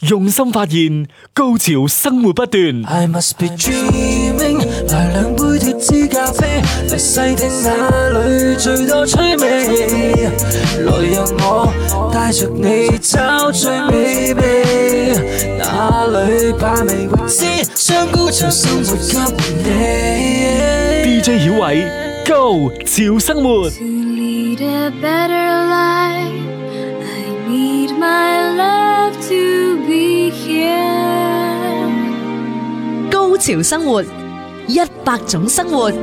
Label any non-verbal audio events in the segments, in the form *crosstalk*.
用心發現，高潮生活不斷。I must be dreaming，來兩杯脫脂咖啡，來細聽那裡最多趣味。來讓我帶着你找最美味，哪裡把味未知？將高潮生活給你。DJ 曉偉，Go，潮生活。To lead a My love to be here. 高潮生活，一百種生活。 *music*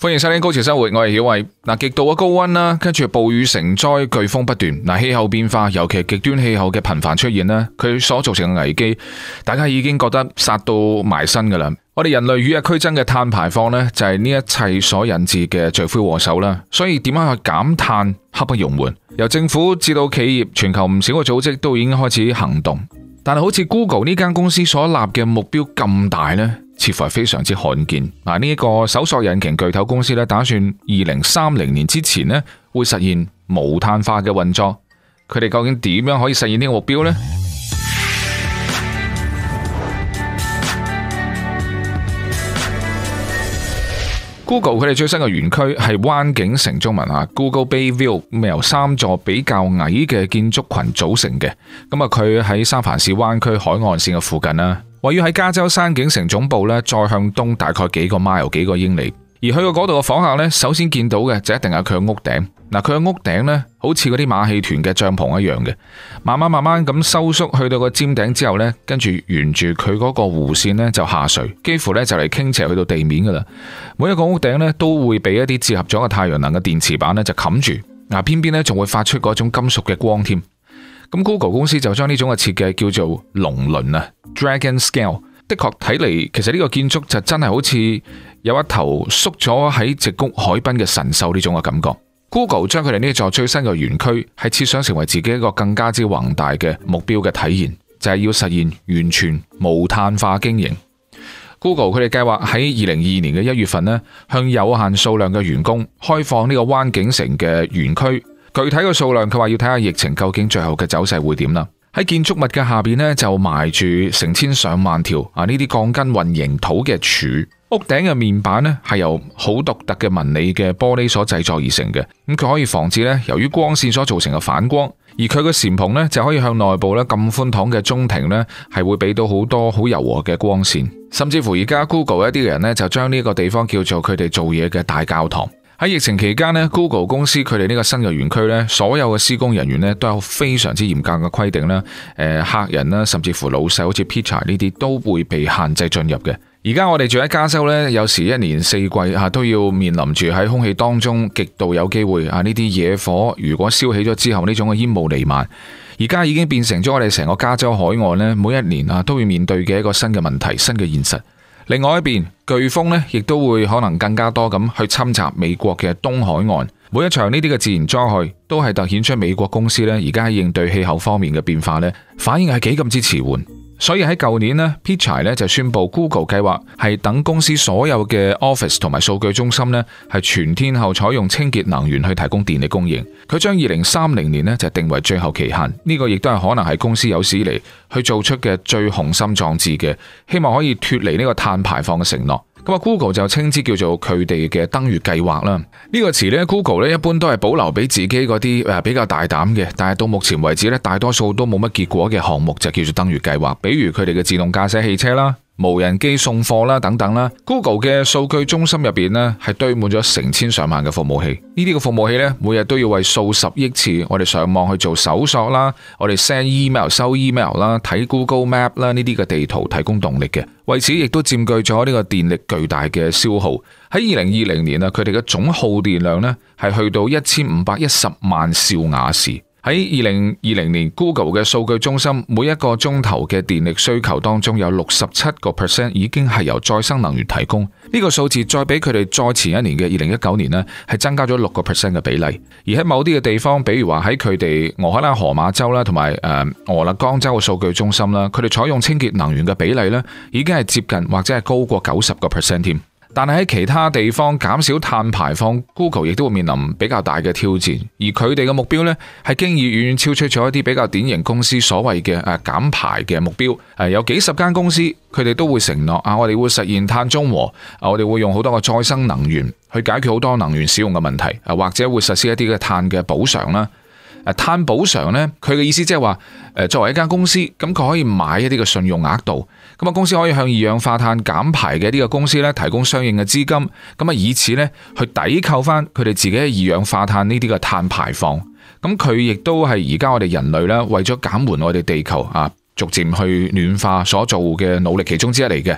歡迎收聽《高潮生活》，我曉偉，我係曉慧。嗱，極度嘅高温啦，跟住暴雨成災、颶風不斷，嗱，氣候變化，尤其極端氣候嘅頻繁出現咧，佢所造成嘅危機，大家已經覺得殺到埋身噶啦。我哋人類與日俱增嘅碳排放呢，就係呢一切所引致嘅罪魁禍首啦。所以點樣去減碳，刻不容緩。由政府至到企業，全球唔少個組織都已經開始行動。但係好似 Google 呢間公司所立嘅目標咁大呢，似乎係非常之罕見。嗱，呢一個搜索引擎巨頭公司咧，打算二零三零年之前呢，會實現無碳化嘅運作。佢哋究竟點樣可以實現呢個目標呢？Google 佢哋最新嘅園區係灣景城中文嚇，Google Bay View，咁由三座比較矮嘅建築群組成嘅。咁啊，佢喺三藩市灣區海岸線嘅附近啦，位於喺加州山景城總部咧，再向東大概幾個 mile，幾個英里。而去到嗰度嘅房客呢，首先見到嘅就一定係佢屋頂。嗱，佢嘅屋頂呢，好似嗰啲馬戲團嘅帳篷一樣嘅，慢慢慢慢咁收縮，去到個尖頂之後呢，跟住沿住佢嗰個弧線呢，就下垂，幾乎呢就嚟傾斜去到地面噶啦。每一個屋頂呢，都會俾一啲結合咗嘅太陽能嘅電池板呢，就冚住，嗱邊邊呢，仲會發出嗰種金屬嘅光添。咁 Google 公司就將呢種嘅設計叫做龍鱗啊，Dragon Scale。的確睇嚟，其實呢個建築就真係好似有一頭縮咗喺直谷海濱嘅神獸呢種嘅感覺。Google 將佢哋呢座最新嘅園區，係設想成為自己一個更加之宏大嘅目標嘅體現，就係、是、要實現完全無碳化經營。Google 佢哋計劃喺二零二二年嘅一月份呢，向有限數量嘅員工開放呢個灣景城嘅園區，具體嘅數量佢話要睇下疫情究竟最後嘅走勢會點啦。喺建築物嘅下邊呢，就埋住成千上萬條啊，呢啲鋼筋混凝土嘅柱，屋頂嘅面板呢，係由好獨特嘅紋理嘅玻璃所製作而成嘅。咁佢可以防止咧，由於光線所造成嘅反光。而佢嘅禪蓬呢，就可以向內部咧咁寬敞嘅中庭呢，係會俾到好多好柔和嘅光線。甚至乎而家 Google 一啲人呢，就將呢個地方叫做佢哋做嘢嘅大教堂。喺疫情期間呢 Google 公司佢哋呢個新嘅園區呢，所有嘅施工人員呢，都有非常之嚴格嘅規定啦。誒、呃，客人啦，甚至乎老細，好似 Peter 呢啲都會被限制進入嘅。而家我哋住喺加州呢，有時一年四季吓都要面臨住喺空氣當中極度有機會啊呢啲野火，如果燒起咗之後呢種嘅煙霧彌漫，而家已經變成咗我哋成個加州海岸呢，每一年啊都會面對嘅一個新嘅問題、新嘅現實。另外一邊，颶風呢亦都會可能更加多咁去侵襲美國嘅東海岸。每一場呢啲嘅自然災害，都係突顯出美國公司呢而家喺應對氣候方面嘅變化，呢反應係幾咁之遲緩。所以喺舊年呢 Pichai 咧就宣布 Google 計劃係等公司所有嘅 office 同埋數據中心呢係全天候採用清潔能源去提供電力供應。佢將二零三零年呢就定為最後期限。呢、呢個亦都係可能係公司有史以嚟去做出嘅最雄心壯志嘅，希望可以脫離呢個碳排放嘅承諾。咁 Google 就稱之叫做佢哋嘅登月計劃啦。呢、呢個詞呢 Google 咧，一般都係保留俾自己嗰啲誒比較大膽嘅，但係到目前為止咧，大多數都冇乜結果嘅項目就叫做登月計劃，比如佢哋嘅自動駕駛汽車啦。無人機送貨啦，等等啦。Google 嘅數據中心入邊呢，係堆滿咗成千上萬嘅服務器。呢啲嘅服務器呢，每日都要為數十億次我哋上網去做搜索啦，我哋 send email、收 email 啦、睇 Google Map 啦，呢啲嘅地圖提供動力嘅。為此，亦都佔據咗呢個電力巨大嘅消耗。喺二零二零年啊，佢哋嘅總耗電量呢，係去到一千五百一十萬兆瓦時。喺二零二零年，Google 嘅數據中心每一個鐘頭嘅電力需求當中，有六十七個 percent 已經係由再生能源提供。呢個數字再比佢哋再前一年嘅二零一九年呢，係增加咗六個 percent 嘅比例。而喺某啲嘅地方，比如話喺佢哋俄克拉荷馬州啦，同埋誒俄勒岡州嘅數據中心啦，佢哋採用清潔能源嘅比例呢，已經係接近或者係高過九十個 percent 添。但係喺其他地方減少碳排放，Google 亦都會面臨比較大嘅挑戰。而佢哋嘅目標呢，係經已遠遠超出咗一啲比較典型公司所謂嘅誒減排嘅目標。誒、啊、有幾十間公司，佢哋都會承諾啊，我哋會實現碳中和，啊我哋會用好多個再生能源去解決好多能源使用嘅問題，啊或者會實施一啲嘅碳嘅補償啦。碳補償呢，佢嘅意思即係話作為一間公司，咁佢可以買一啲嘅信用額度。咁啊，公司可以向二氧化碳減排嘅呢個公司咧，提供相應嘅資金，咁啊以此咧去抵扣翻佢哋自己嘅二氧化碳呢啲嘅碳排放。咁佢亦都係而家我哋人類咧為咗減緩我哋地球啊逐漸去暖化所做嘅努力其中之一嚟嘅。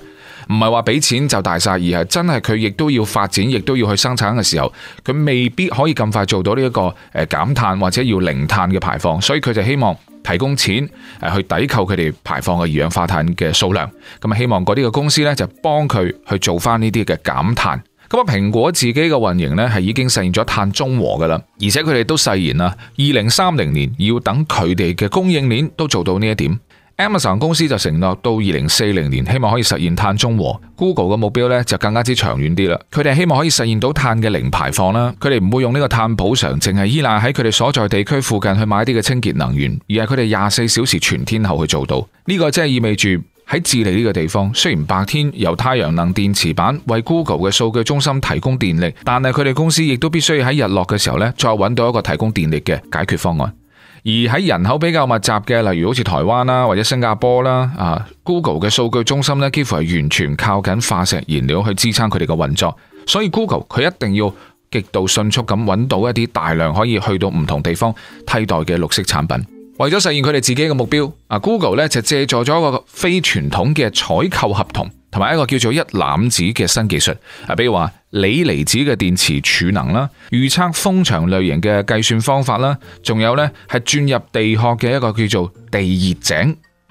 唔係話俾錢就大晒，而係真係佢亦都要發展，亦都要去生產嘅時候，佢未必可以咁快做到呢一個誒減碳或者要零碳嘅排放。所以佢就希望。提供錢誒去抵扣佢哋排放嘅二氧化碳嘅數量，咁啊希望嗰啲嘅公司呢就幫佢去做翻呢啲嘅減碳。咁、嗯、啊，蘋果自己嘅運營呢係已經實現咗碳中和噶啦，而且佢哋都誓言啦，二零三零年要等佢哋嘅供應鏈都做到呢一點。Amazon 公司就承諾到二零四零年，希望可以實現碳中和。Google 嘅目標咧就更加之長遠啲啦，佢哋希望可以實現到碳嘅零排放啦。佢哋唔會用呢個碳補償，淨係依賴喺佢哋所在地區附近去買啲嘅清潔能源，而係佢哋廿四小時全天候去做到。呢個即係意味住喺智利呢個地方，雖然白天由太陽能電池板為 Google 嘅數據中心提供電力，但係佢哋公司亦都必須要喺日落嘅時候咧，再揾到一個提供電力嘅解決方案。而喺人口比較密集嘅，例如好似台灣啦，或者新加坡啦，啊 Google 嘅數據中心咧，幾乎係完全靠緊化石燃料去支撐佢哋嘅運作，所以 Google 佢一定要極度迅速噉揾到一啲大量可以去到唔同地方替代嘅綠色產品。為咗實現佢哋自己嘅目標，啊 Google 咧就借助咗一個非傳統嘅採購合同，同埋一個叫做一攬子嘅新技術，啊比如話鋰離子嘅電池儲能啦，預測風場類型嘅計算方法啦，仲有咧係轉入地殼嘅一個叫做地熱井。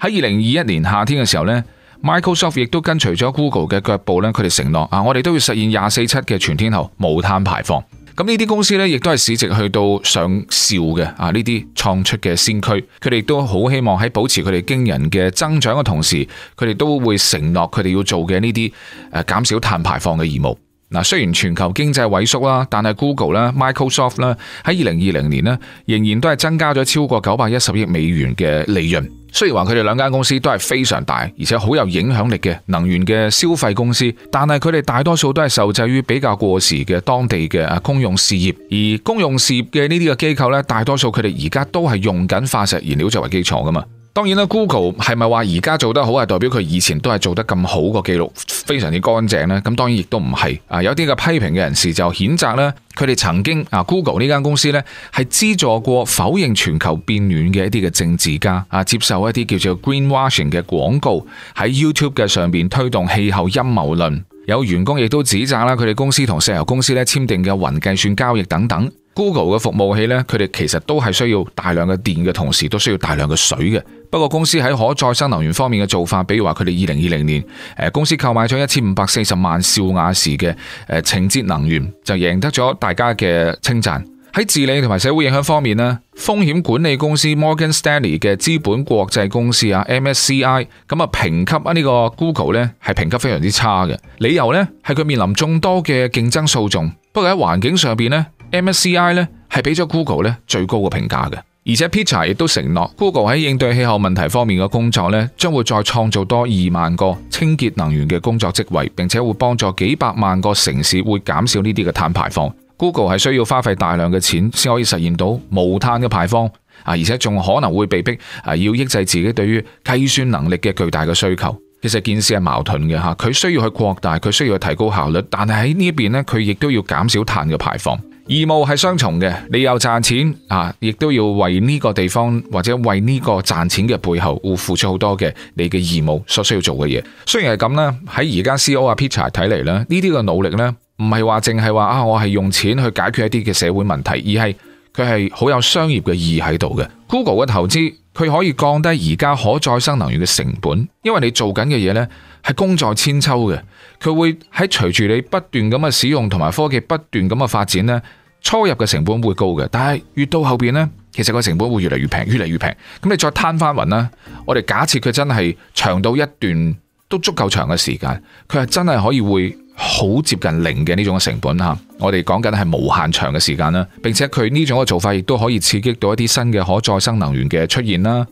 喺二零二一年夏天嘅時候咧，Microsoft 亦都跟隨咗 Google 嘅腳步咧，佢哋承諾啊，我哋都要實現廿四七嘅全天候無碳排放。咁呢啲公司咧，亦都係市值去到上兆嘅，啊呢啲創出嘅先驅，佢哋都好希望喺保持佢哋驚人嘅增長嘅同時，佢哋都會承諾佢哋要做嘅呢啲誒減少碳排放嘅義務。嗱，雖然全球經濟萎縮啦，但係 Google 啦、Microsoft 啦喺二零二零年呢，仍然都係增加咗超過九百一十億美元嘅利潤。雖然話佢哋兩間公司都係非常大，而且好有影響力嘅能源嘅消費公司，但係佢哋大多數都係受制於比較過時嘅當地嘅啊公用事業，而公用事業嘅呢啲嘅機構呢，大多數佢哋而家都係用緊化石燃料作為基礎㗎嘛。當然啦，Google 係咪話而家做得好，係代表佢以前都係做得咁好個記錄非常之乾淨呢？咁當然亦都唔係啊！有啲嘅批評嘅人士就譴責咧，佢哋曾經啊 Google 呢間公司呢係資助過否認全球變暖嘅一啲嘅政治家啊，接受一啲叫做 Greenwashing 嘅廣告喺 YouTube 嘅上邊推動氣候陰謀論，有員工亦都指責啦，佢哋公司同石油公司呢簽訂嘅雲計算交易等等。Google 嘅服務器呢，佢哋其實都係需要大量嘅電嘅，同時都需要大量嘅水嘅。不過公司喺可再生能源方面嘅做法，比如話佢哋二零二零年誒公司購買咗一千五百四十萬兆瓦時嘅誒清潔能源，就贏得咗大家嘅稱讚。喺治理同埋社會影響方面咧，風險管理公司 Morgan Stanley 嘅資本國際公司啊 MSCI 咁啊，評級啊，呢個 Google 呢係評級非常之差嘅，理由呢係佢面臨眾多嘅競爭訴訟。不過喺環境上邊呢。M S C I 咧係俾咗 Google 咧最高嘅評價嘅，而且 Pichai、er、亦都承諾 Google 喺應對氣候問題方面嘅工作咧，將會再創造多二萬個清潔能源嘅工作職位，並且會幫助幾百萬個城市會減少呢啲嘅碳排放。Google 係需要花費大量嘅錢先可以實現到無碳嘅排放啊，而且仲可能會被逼啊要抑制自己對於計算能力嘅巨大嘅需求。其實件事係矛盾嘅吓，佢需要去擴大，佢需要去提高效率，但係喺呢一邊佢亦都要減少碳嘅排放。義務係雙重嘅，你又賺錢啊，亦都要為呢個地方或者為呢個賺錢嘅背後會付出好多嘅，你嘅義務所需要做嘅嘢。雖然係咁啦，喺而家 CEO 啊 Pichai 睇嚟咧，呢啲嘅努力呢，唔係話淨係話啊，我係用錢去解決一啲嘅社會問題，而係佢係好有商業嘅意義喺度嘅。Google 嘅投資，佢可以降低而家可再生能源嘅成本，因為你做緊嘅嘢呢，係功在千秋嘅，佢會喺隨住你不斷咁嘅使用同埋科技不斷咁嘅發展呢。初入嘅成本會高嘅，但係越到後邊呢，其實個成本會越嚟越平，越嚟越平。咁你再攤翻勻啦，我哋假設佢真係長到一段都足夠長嘅時間，佢係真係可以會好接近零嘅呢種嘅成本吓。我哋講緊係無限長嘅時間啦，並且佢呢種嘅做法亦都可以刺激到一啲新嘅可再生能源嘅出現啦。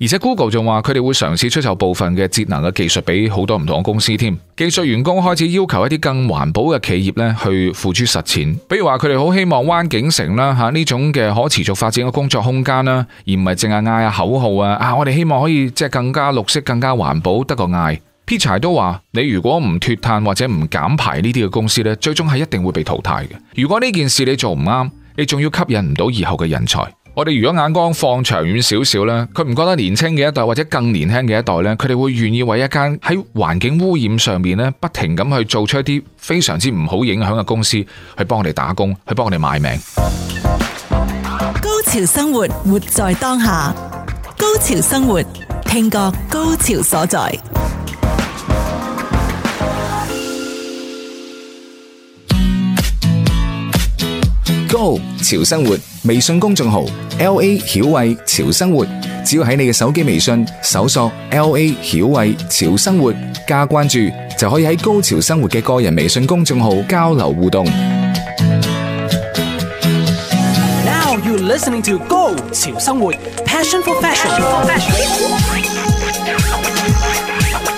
而且 Google 仲話佢哋會嘗試出售部分嘅節能嘅技術俾好多唔同嘅公司添。技術員工開始要求一啲更環保嘅企業咧去付諸實踐，比如話佢哋好希望灣景城啦吓呢種嘅可持續發展嘅工作空間啦，而唔係淨係嗌啊口號啊啊我哋希望可以即係更加綠色、更加環保得個嗌。Peter X 都話你如果唔脫碳或者唔減排呢啲嘅公司咧，最終係一定會被淘汰嘅。如果呢件事你做唔啱，你仲要吸引唔到以後嘅人才。我哋如果眼光放長遠少少咧，佢唔覺得年輕嘅一代或者更年輕嘅一代咧，佢哋會願意為一間喺環境污染上面咧不停咁去做出一啲非常之唔好影響嘅公司去幫我哋打工，去幫我哋賣命。高潮生活，活在當下。高潮生活，聽覺高潮所在。Go 潮生活微信公眾號 L A 曉慧潮生活，只要喺你嘅手機微信搜索 L A 曉慧潮生活加關注，就可以喺高潮生活嘅個人微信公眾號交流互動。Now you listening to Go 潮生活，Passion for Fashion。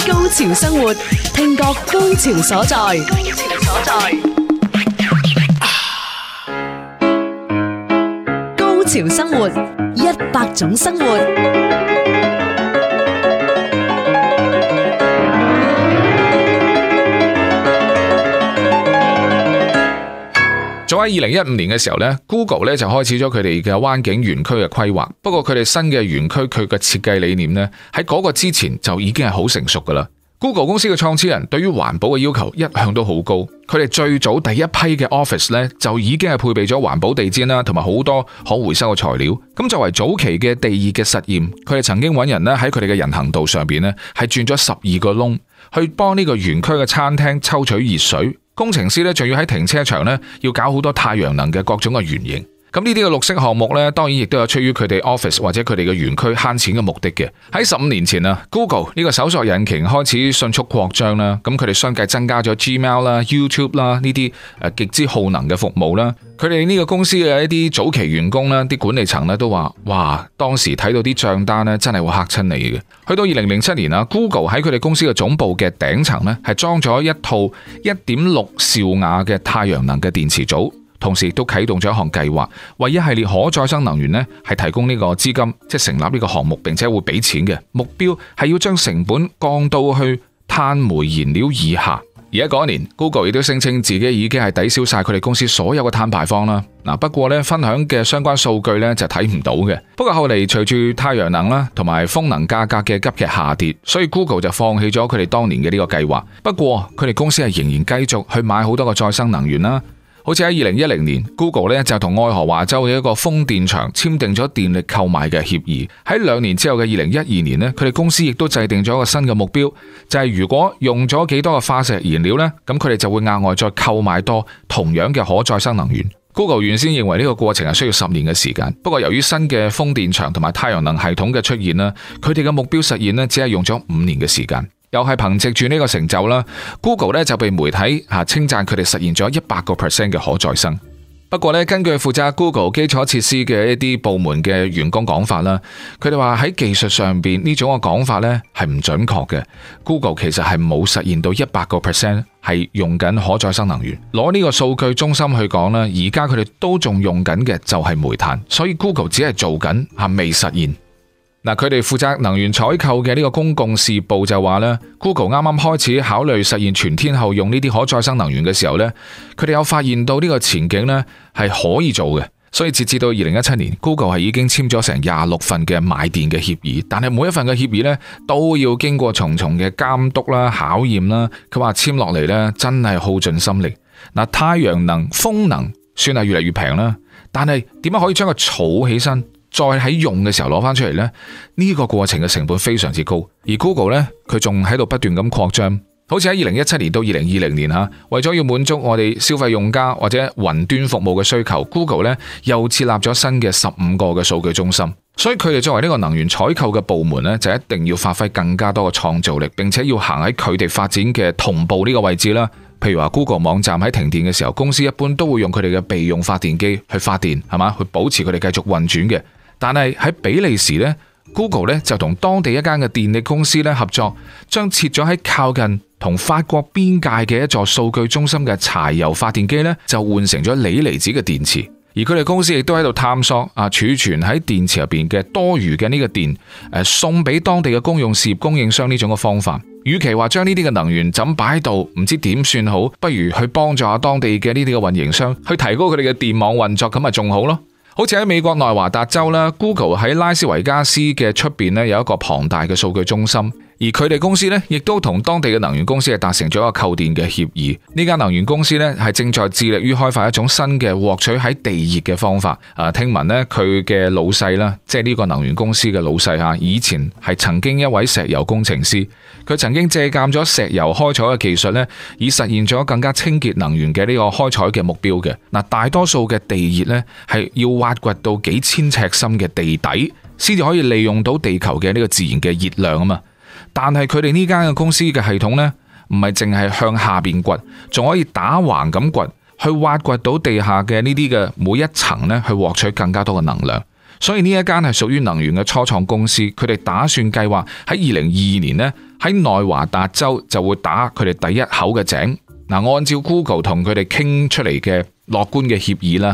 高潮生活，聽覺高潮所在。高潮所在。潮生活，一百種生活。早喺二零一五年嘅時候呢 Google 咧，就開始咗佢哋嘅灣景園區嘅規劃。不過佢哋新嘅園區，佢嘅設計理念呢，喺嗰個之前就已經係好成熟噶啦。Google 公司嘅創始人對於環保嘅要求一向都好高，佢哋最早第一批嘅 office 咧就已經係配備咗環保地氈啦，同埋好多可回收嘅材料。咁作爲早期嘅第二嘅實驗，佢哋曾經揾人咧喺佢哋嘅人行道上邊咧係鑽咗十二個窿，去幫呢個園區嘅餐廳抽取熱水。工程師咧仲要喺停車場咧要搞好多太陽能嘅各種嘅原型。咁呢啲嘅綠色項目呢，當然亦都有趨於佢哋 office 或者佢哋嘅園區慳錢嘅目的嘅。喺十五年前啊，Google 呢個搜索引擎開始迅速擴張啦，咁佢哋相繼增加咗 Gmail 啦、YouTube 啦呢啲誒極之耗能嘅服務啦。佢哋呢個公司嘅一啲早期員工啦、啲管理層呢都話：哇，當時睇到啲帳單呢，真係會嚇親你嘅。去到二零零七年啊，Google 喺佢哋公司嘅總部嘅頂層呢，係裝咗一套一點六兆瓦嘅太陽能嘅電池組。同時亦都啟動咗一項計劃，為一系列可再生能源咧，係提供呢個資金，即係成立呢個項目，並且會俾錢嘅目標係要將成本降到去碳煤燃料以下。而喺嗰年，Google 亦都聲稱自己已經係抵消晒佢哋公司所有嘅碳排放啦。嗱，不過咧，分享嘅相關數據咧，就睇唔到嘅。不過後嚟隨住太陽能啦同埋風能價格嘅急劇下跌，所以 Google 就放棄咗佢哋當年嘅呢個計劃。不過佢哋公司係仍然繼續去買好多嘅再生能源啦。好似喺二零一零年，Google 咧就同愛荷華州嘅一個風電場簽訂咗電力購買嘅協議。喺兩年之後嘅二零一二年呢，佢哋公司亦都制定咗一個新嘅目標，就係如果用咗幾多嘅化石燃料呢，咁佢哋就會額外再購買多同樣嘅可再生能源。Google 原先認為呢個過程係需要十年嘅時間，不過由於新嘅風電場同埋太陽能系統嘅出現呢，佢哋嘅目標實現呢只係用咗五年嘅時間。又係憑借住呢個成就啦，Google 咧就被媒體吓稱讚佢哋實現咗一百個 percent 嘅可再生。不過咧，根據負責 Google 基礎設施嘅一啲部門嘅員工講法啦，佢哋話喺技術上邊呢種嘅講法咧係唔準確嘅。Google 其實係冇實現到一百個 percent 係用緊可再生能源。攞呢個數據中心去講啦，而家佢哋都仲用緊嘅就係煤炭，所以 Google 只係做緊，係未實現。嗱，佢哋負責能源採購嘅呢個公共事業部就話呢，Google 啱啱開始考慮實現全天候用呢啲可再生能源嘅時候呢，佢哋有發現到呢個前景呢，係可以做嘅，所以截至到二零一七年，Google 係已經簽咗成廿六份嘅買電嘅協議，但係每一份嘅協議呢，都要經過重重嘅監督啦、考驗啦。佢話簽落嚟呢，真係耗盡心力。嗱，太陽能、風能算係越嚟越平啦，但係點樣可以將佢儲起身？再喺用嘅時候攞翻出嚟呢，呢個過程嘅成本非常之高。而 Google 呢，佢仲喺度不斷咁擴張，好似喺二零一七年到二零二零年吓，為咗要滿足我哋消費用家或者雲端服務嘅需求，Google 呢又設立咗新嘅十五個嘅數據中心。所以佢哋作為呢個能源採購嘅部門呢，就一定要發揮更加多嘅創造力，並且要行喺佢哋發展嘅同步呢個位置啦。譬如話 Google 網站喺停電嘅時候，公司一般都會用佢哋嘅備用發電機去發電，係嘛，去保持佢哋繼續運轉嘅。但係喺比利時呢 Google 咧就同當地一間嘅電力公司咧合作，將設咗喺靠近同法國邊界嘅一座數據中心嘅柴油發電機咧，就換成咗鋰離子嘅電池。而佢哋公司亦都喺度探索啊儲存喺電池入邊嘅多餘嘅呢個電，誒送俾當地嘅公用事業供應商呢種嘅方法。與其話將呢啲嘅能源擺怎擺喺度，唔知點算好，不如去幫助下當地嘅呢啲嘅運營商去提高佢哋嘅電網運作，咁咪仲好咯。好似喺美國內華達州啦，Google 喺拉斯維加斯嘅出邊咧有一個龐大嘅數據中心。而佢哋公司呢，亦都同當地嘅能源公司係達成咗一個購電嘅協議。呢間能源公司呢，係正在致力於開發一種新嘅獲取喺地熱嘅方法。啊，聽聞呢，佢嘅老細啦，即係呢個能源公司嘅老細啊，以前係曾經一位石油工程師，佢曾經借鑒咗石油開採嘅技術呢，以實現咗更加清潔能源嘅呢個開採嘅目標嘅。嗱，啊，大多數嘅地熱呢，係要挖掘到幾千尺深嘅地底先至可以利用到地球嘅呢個自然嘅熱量啊嘛。但係佢哋呢間嘅公司嘅系統呢，唔係淨係向下邊掘，仲可以打橫咁掘，去挖掘到地下嘅呢啲嘅每一層呢，去獲取更加多嘅能量。所以呢一間係屬於能源嘅初創公司，佢哋打算計劃喺二零二二年呢，喺內華達州就會打佢哋第一口嘅井。嗱，按照 Google 同佢哋傾出嚟嘅樂觀嘅協議啦，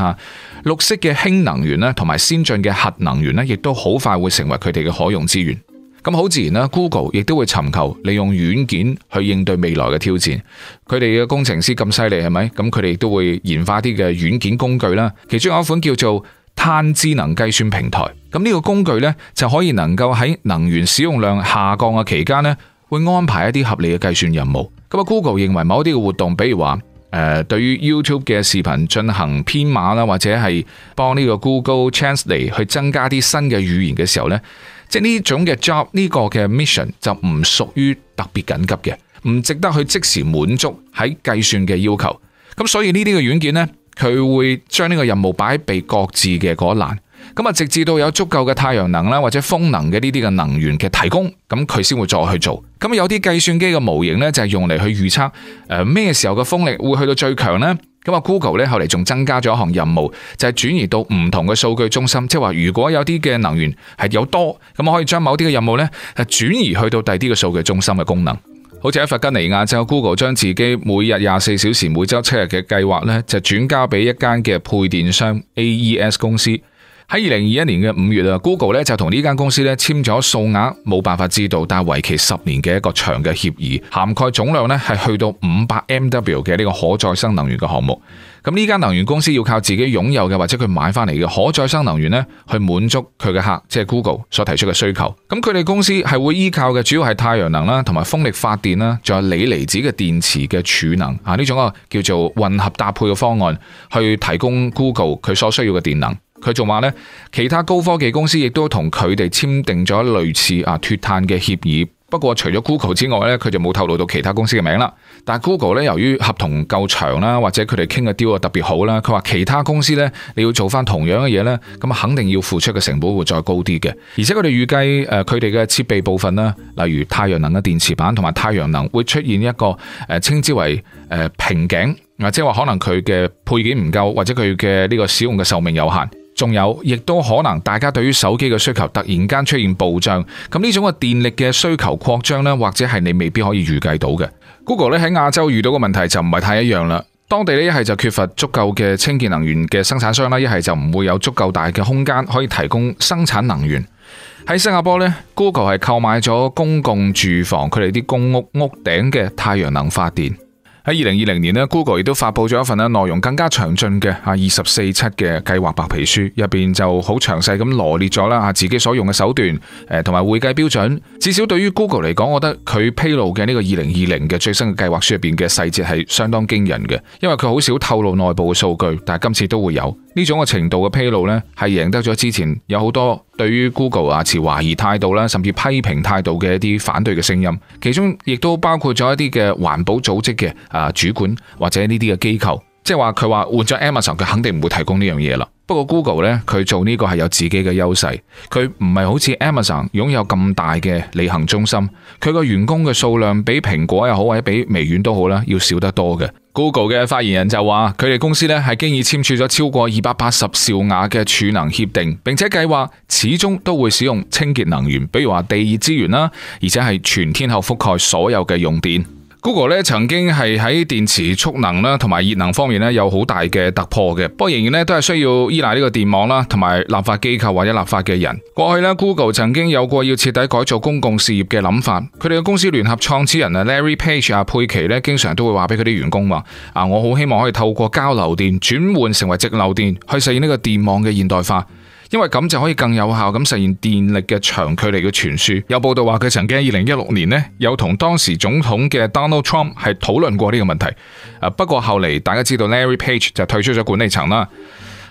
吓綠色嘅氫能源呢，同埋先進嘅核能源呢，亦都好快會成為佢哋嘅可用資源。咁好自然啦，Google 亦都會尋求利用軟件去應對未來嘅挑戰。佢哋嘅工程師咁犀利，係咪？咁佢哋都會研發啲嘅軟件工具啦。其中有一款叫做碳智能計算平台。咁呢個工具呢，就可以能夠喺能源使用量下降嘅期間呢，會安排一啲合理嘅計算任務。咁啊，Google 認為某一啲嘅活動，比如話誒、呃，對於 YouTube 嘅視頻進行編碼啦，或者係幫呢個 Google Translate 去增加啲新嘅語言嘅時候呢。即係呢種嘅 job 呢個嘅 mission 就唔屬於特別緊急嘅，唔值得去即時滿足喺計算嘅要求。咁所以呢啲嘅軟件呢，佢會將呢個任務擺喺被擱置嘅嗰一欄。咁啊，直至到有足夠嘅太陽能啦或者風能嘅呢啲嘅能源嘅提供，咁佢先會再去做。咁有啲計算機嘅模型呢，就係用嚟去預測呃、咩時候嘅風力會去到最強呢。咁啊，Google 咧，後嚟仲增加咗一項任務，就係、是、轉移到唔同嘅數據中心，即係話如果有啲嘅能源係有多，咁我可以將某啲嘅任務咧，轉移去到第啲嘅數據中心嘅功能。好似喺佛吉尼亞州，Google 將自己每日廿四小時、每週七日嘅計劃咧，就轉交俾一間嘅配電商 A E S 公司。喺二零二一年嘅五月啊，Google 咧就同呢間公司咧簽咗數額冇辦法知道，但係為期十年嘅一個長嘅協議，涵蓋總量呢係去到五百 MW 嘅呢個可再生能源嘅項目。咁呢間能源公司要靠自己擁有嘅，或者佢買翻嚟嘅可再生能源呢，去滿足佢嘅客，即係 Google 所提出嘅需求。咁佢哋公司係會依靠嘅主要係太陽能啦，同埋風力發電啦，仲有鋰離子嘅電池嘅儲能啊呢種啊叫做混合搭配嘅方案去提供 Google 佢所需要嘅電能。佢仲話呢，他其他高科技公司亦都同佢哋簽訂咗類似啊脫碳嘅協議。不過，除咗 Google 之外呢，佢就冇透露到其他公司嘅名啦。但係 Google 呢，由於合同夠長啦，或者佢哋傾嘅 deal 特別好啦，佢話其他公司呢，你要做返同樣嘅嘢呢，咁啊，肯定要付出嘅成本會再高啲嘅。而且佢哋預計誒佢哋嘅設備部分啦，例如太陽能嘅電池板同埋太陽能會出現一個誒稱之為誒瓶頸啊，即係話可能佢嘅配件唔夠，或者佢嘅呢個使用嘅壽命有限。仲有，亦都可能大家對於手機嘅需求突然間出現暴漲，咁呢種嘅電力嘅需求擴張呢，或者係你未必可以預計到嘅。Google 咧，喺亞洲遇到嘅問題就唔係太一樣啦。當地呢，一係就缺乏足夠嘅清潔能源嘅生產商啦，一係就唔會有足夠大嘅空間可以提供生產能源。喺新加坡呢，Google 係購買咗公共住房，佢哋啲公屋、屋頂嘅太陽能發電。喺二零二零年咧，Google 亦都發布咗一份咧內容更加詳盡嘅啊二十四七嘅計劃白皮書，入邊就好詳細咁羅列咗啦啊自己所用嘅手段誒同埋會計標準。至少對於 Google 嚟講，我覺得佢披露嘅呢個二零二零嘅最新嘅計劃書入邊嘅細節係相當驚人嘅，因為佢好少透露內部嘅數據，但係今次都會有。呢種程度嘅披露呢，係贏得咗之前有好多對於 Google 持懷疑態度啦，甚至批評態度嘅一啲反對嘅聲音，其中亦都包括咗一啲嘅環保組織嘅啊主管或者呢啲嘅機構。即係話佢話換咗 Amazon，佢肯定唔會提供呢樣嘢啦。不過 Google 呢，佢做呢個係有自己嘅優勢，佢唔係好似 Amazon 擁有咁大嘅履行中心，佢個員工嘅數量比蘋果又好，或者比微軟都好啦，要少得多嘅。Google 嘅發言人就話，佢哋公司呢係經已簽署咗超過二百八十兆瓦嘅儲能協定，並且計劃始終都會使用清潔能源，比如話地熱資源啦，而且係全天候覆蓋所有嘅用電。Google 咧曾經係喺電池蓄能啦，同埋熱能方面咧有好大嘅突破嘅，不過仍然咧都係需要依賴呢個電網啦，同埋立法機構或者立法嘅人。過去咧，Google 曾經有過要徹底改造公共事業嘅諗法。佢哋嘅公司聯合創始人啊 Larry Page 啊，佩奇咧，經常都會話俾佢啲員工話：啊，我好希望可以透過交流電轉換成為直流電，去實現呢個電網嘅現代化。因為咁就可以更有效咁實現電力嘅長距離嘅傳輸。有報道話佢曾經喺二零一六年咧，有同當時總統嘅 Donald Trump 係討論過呢個問題。不過後嚟大家知道 Larry Page 就退出咗管理層啦。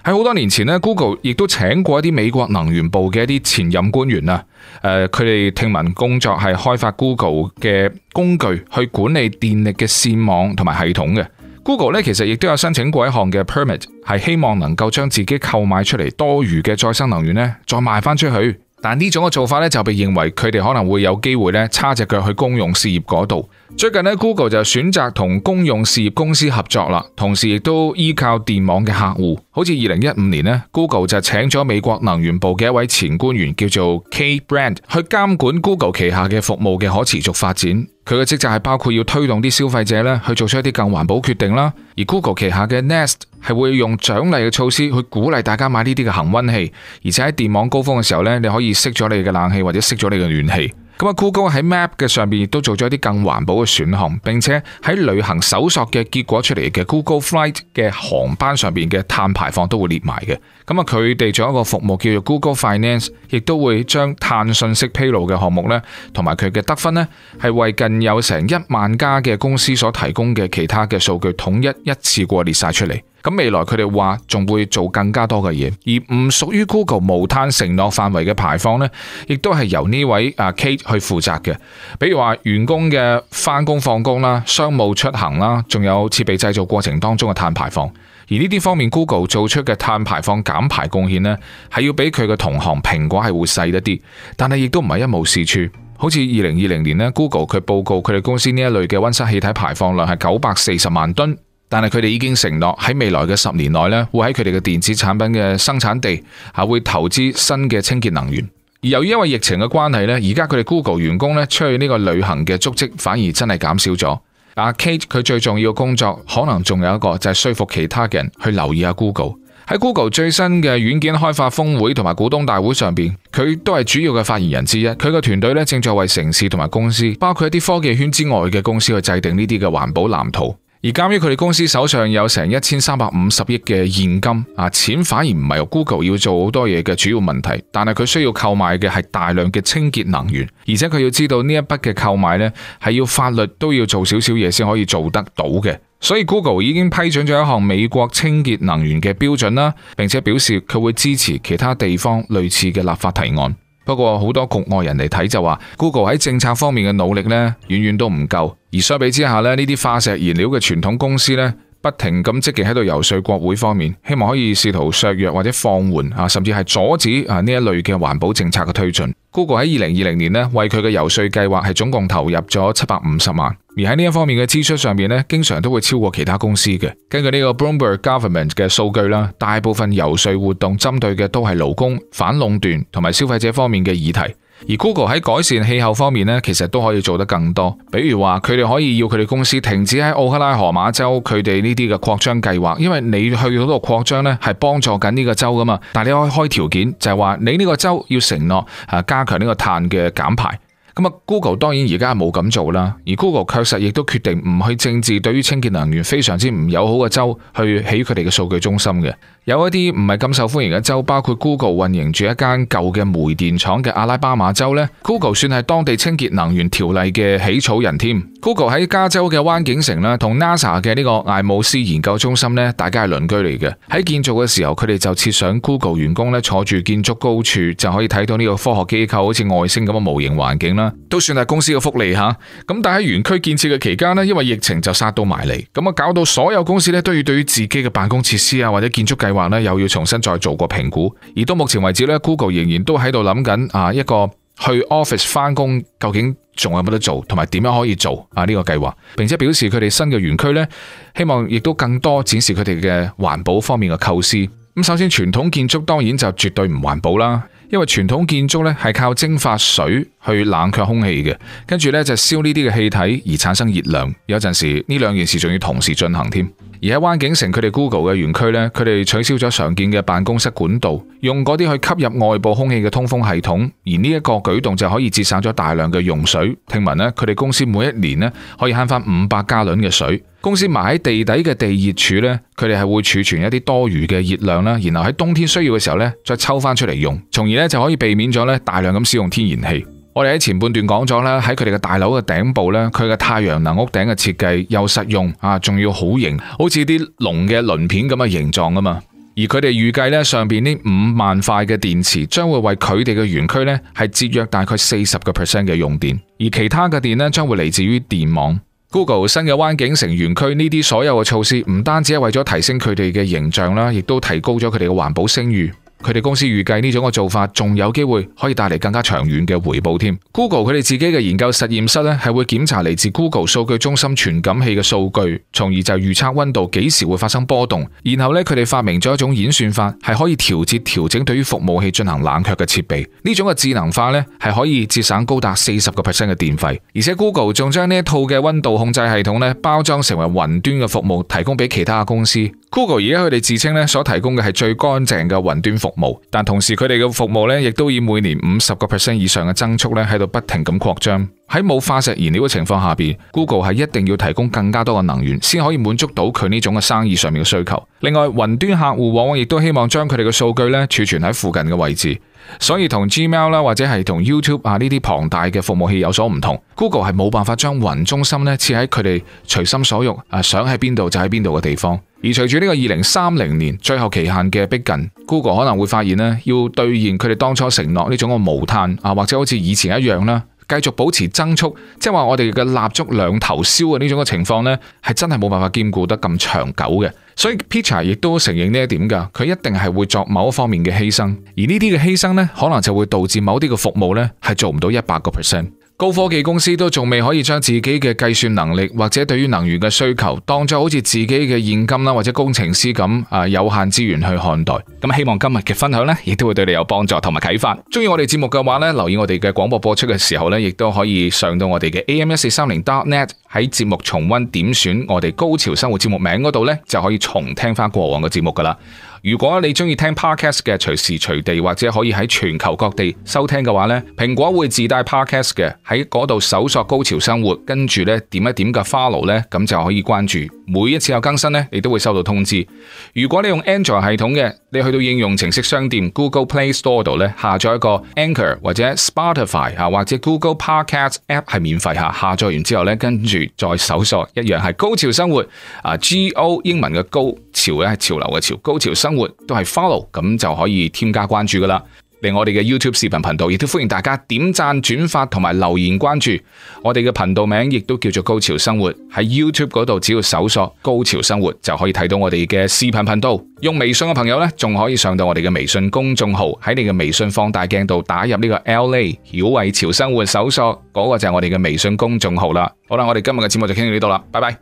喺好多年前咧，Google 亦都請過一啲美國能源部嘅一啲前任官員啊，佢哋聽聞工作係開發 Google 嘅工具去管理電力嘅線網同埋系統嘅。Google 咧，其實亦都有申請過一項嘅 permit，係希望能夠將自己購買出嚟多餘嘅再生能源咧，再賣返出去。但呢種嘅做法咧，就被認為佢哋可能會有機會咧，插隻腳去公用事業嗰度。最近 Google 就選擇同公用事業公司合作啦，同時亦都依靠電網嘅客戶。好似二零一五年咧，Google 就請咗美國能源部嘅一位前官員叫做 Kate Brand 去監管 Google 旗下嘅服務嘅可持續發展。佢嘅職責係包括要推動啲消費者咧去做出一啲更環保決定啦。而 Google 旗下嘅 Nest 係會用獎勵嘅措施去鼓勵大家買呢啲嘅恆溫器，而且喺電網高峰嘅時候咧，你可以熄咗你嘅冷氣或者熄咗你嘅暖氣。咁啊，Google 喺 Map 嘅上邊亦都做咗一啲更環保嘅選項，並且喺旅行搜索嘅結果出嚟嘅 Google Flight 嘅航班上邊嘅碳排放都會列埋嘅。咁啊，佢哋仲有一個服務叫做 Google Finance，亦都會將碳信息披露嘅項目呢，同埋佢嘅得分呢，係為近有成一萬家嘅公司所提供嘅其他嘅數據統一一次過列晒出嚟。咁未來佢哋話仲會做更加多嘅嘢，而唔屬於 Google 無碳承諾範圍嘅排放呢，亦都係由呢位啊 Kate 去負責嘅。比如話員工嘅返工放工啦、商務出行啦，仲有設備製造過程當中嘅碳排放。而呢啲方面，Google 做出嘅碳排放減排貢獻呢，係要比佢嘅同行蘋果係會細一啲，但係亦都唔係一無是處。好似二零二零年呢，Google 佢報告佢哋公司呢一類嘅溫室氣體排放量係九百四十萬噸。但係佢哋已經承諾喺未來嘅十年內咧，會喺佢哋嘅電子產品嘅生產地啊，會投資新嘅清潔能源。而由於因為疫情嘅關係呢，而家佢哋 Google 員工咧出去呢個旅行嘅足跡反而真係減少咗。阿 Kate，佢最重要嘅工作可能仲有一個就係說服其他嘅人去留意下 Google。喺 Google 最新嘅軟件開發峰會同埋股東大會上邊，佢都係主要嘅發言人之一。佢個團隊咧正在為城市同埋公司，包括一啲科技圈之外嘅公司去制定呢啲嘅環保藍圖。而鑒於佢哋公司手上有成一千三百五十億嘅現金，啊，錢反而唔係 Google 要做好多嘢嘅主要問題，但係佢需要購買嘅係大量嘅清潔能源，而且佢要知道呢一筆嘅購買呢係要法律都要做少少嘢先可以做得到嘅，所以 Google 已經批准咗一項美國清潔能源嘅標準啦，並且表示佢會支持其他地方類似嘅立法提案。不過好多局外人嚟睇就話，Google 喺政策方面嘅努力呢，遠遠都唔夠，而相比之下呢，呢啲化石燃料嘅傳統公司呢。不停咁積極喺度遊說國會方面，希望可以試圖削弱或者放緩，甚至係阻止啊呢一類嘅環保政策嘅推進。Google 喺二零二零年呢，為佢嘅游説計劃係總共投入咗七百五十萬，而喺呢一方面嘅支出上面呢，經常都會超過其他公司嘅。根據呢個 Bloomberg Government 嘅數據啦，大部分游説活動針對嘅都係勞工、反壟斷同埋消費者方面嘅議題。而 Google 喺改善氣候方面呢，其實都可以做得更多。比如話，佢哋可以要佢哋公司停止喺奧克拉荷馬州佢哋呢啲嘅擴張計劃，因為你去到度擴張呢，係幫助緊呢個州噶嘛。但係你可以開條件，就係話你呢個州要承諾誒加強呢個碳嘅減排。咁啊，Google 當然而家冇咁做啦，而 Google 確實亦都決定唔去政治對於清潔能源非常之唔友好嘅州去起佢哋嘅數據中心嘅。有一啲唔係咁受歡迎嘅州，包括 Google 運營住一間舊嘅煤電廠嘅阿拉巴馬州咧。Google 算係當地清潔能源條例嘅起草人添。Google 喺加州嘅灣景城啦同 NASA 嘅呢個艾姆斯研究中心咧，大家係鄰居嚟嘅。喺建造嘅時候，佢哋就設想 Google 員工咧坐住建築高處就可以睇到呢個科學機構好似外星咁嘅模型環境啦。都算係公司嘅福利吓，咁但係喺園區建設嘅期間咧，因為疫情就殺到埋嚟，咁啊搞到所有公司咧都要對於自己嘅辦公設施啊或者建築計劃咧又要重新再做過評估，而到目前為止咧，Google 仍然都喺度諗緊啊一個去 office 翻工究竟仲有冇得做，同埋點樣可以做啊呢個計劃，並且表示佢哋新嘅園區咧希望亦都更多展示佢哋嘅環保方面嘅構思。咁首先傳統建築當然就絕對唔環保啦。因為傳統建築呢係靠蒸發水去冷卻空氣嘅，跟住呢就燒呢啲嘅氣體而產生熱量，有陣時呢兩件事仲要同時進行添。而喺灣景城，佢哋 Google 嘅園區咧，佢哋取消咗常見嘅辦公室管道，用嗰啲去吸入外部空氣嘅通風系統。而呢一個舉動就可以節省咗大量嘅用水。聽聞咧，佢哋公司每一年咧可以慳翻五百加侖嘅水。公司埋喺地底嘅地熱柱咧，佢哋係會儲存一啲多餘嘅熱量啦，然後喺冬天需要嘅時候咧再抽翻出嚟用，從而咧就可以避免咗咧大量咁使用天然氣。我哋喺前半段講咗啦，喺佢哋嘅大樓嘅頂部呢，佢嘅太陽能屋頂嘅設計又實用啊，仲要好型，好似啲龍嘅鱗片咁嘅形狀啊嘛。而佢哋預計呢，上邊呢五萬塊嘅電池將會為佢哋嘅園區呢係節約大概四十個 percent 嘅用電，而其他嘅電呢將會嚟自於電網。Google 新嘅灣景城園區呢啲所有嘅措施，唔單止係為咗提升佢哋嘅形象啦，亦都提高咗佢哋嘅環保聲譽。佢哋公司預計呢種嘅做法仲有機會可以帶嚟更加長遠嘅回報添。Google 佢哋自己嘅研究實驗室咧係會檢查嚟自 Google 數據中心傳感器嘅數據，從而就預測溫度幾時會發生波動。然後呢佢哋發明咗一種演算法，係可以調節調整對於服務器進行冷卻嘅設備。呢種嘅智能化呢，係可以節省高達四十個 percent 嘅電費，而且 Google 仲將呢一套嘅溫度控制系統咧包裝成為雲端嘅服務，提供俾其他公司。Google 而家佢哋自稱咧所提供嘅係最乾淨嘅雲端服務。服務，但同時佢哋嘅服務呢亦都以每年五十個 percent 以上嘅增速，呢喺度不停咁擴張。喺冇化石燃料嘅情況下邊，Google 係一定要提供更加多嘅能源，先可以滿足到佢呢種嘅生意上面嘅需求。另外，雲端客戶往往亦都希望將佢哋嘅數據呢儲存喺附近嘅位置。所以同 Gmail 啦，或者係同 YouTube 啊，呢啲龐大嘅服務器有所唔同，Google 係冇辦法將雲中心咧設喺佢哋隨心所欲啊，想喺邊度就喺邊度嘅地方。而隨住呢個二零三零年最後期限嘅逼近，Google 可能會發現咧要兌現佢哋當初承諾呢種嘅無碳啊，或者好似以前一樣啦。繼續保持增速，即係話我哋嘅蠟燭兩頭燒嘅呢種嘅情況呢，係真係冇辦法兼顧得咁長久嘅。所以 Pitcher 亦都承認呢一點噶佢一定係會作某一方面嘅犧牲，而呢啲嘅犧牲呢，可能就會導致某啲嘅服務呢係做唔到一百個 percent。高科技公司都仲未可以將自己嘅計算能力或者對於能源嘅需求當作好似自己嘅現金啦，或者工程師咁啊，有限資源去看待咁。希望今日嘅分享呢，亦都會對你有幫助同埋啟發。中意我哋節目嘅話呢，留意我哋嘅廣播播出嘅時候呢，亦都可以上到我哋嘅 a m 一四三零 dot net 喺節目重溫點選我哋高潮生活節目名嗰度呢，就可以重聽翻過往嘅節目噶啦。如果你中意聽 Podcast 嘅，隨時隨地或者可以喺全球各地收聽嘅話呢，蘋果會自帶 Podcast 嘅，喺嗰度搜索高潮生活，跟住呢點一點嘅 follow 咧，咁就可以關注。每一次有更新呢，你都會收到通知。如果你用 Android 系統嘅。你去到應用程式商店 Google Play Store 度咧，下載一個 Anchor 或者 Spotify 啊，或者 Google Podcast App 係免費下，下載完之後咧，跟住再搜索一樣係高潮生活啊，G O 英文嘅高潮咧係潮流嘅潮，高潮生活都係 follow 咁就可以添加關注㗎喇。嚟我哋嘅 YouTube 視頻頻道，亦都歡迎大家點讚、轉發同埋留言關注我哋嘅頻道名，亦都叫做《高潮生活》。喺 YouTube 嗰度只要搜索《高潮生活》就可以睇到我哋嘅視頻頻道。用微信嘅朋友呢，仲可以上到我哋嘅微信公眾號，喺你嘅微信放大鏡度打入呢個 L A 曉偉潮生活搜索，嗰個就係我哋嘅微信公眾號啦。好啦，我哋今日嘅節目就傾到呢度啦，拜拜。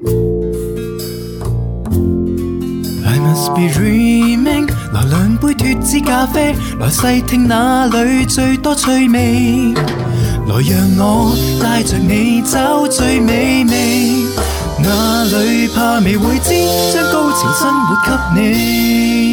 月之咖啡，來細聽那裏最多趣味。來讓我帶着你找最美味，哪裏怕未會知，將高潮生活給你。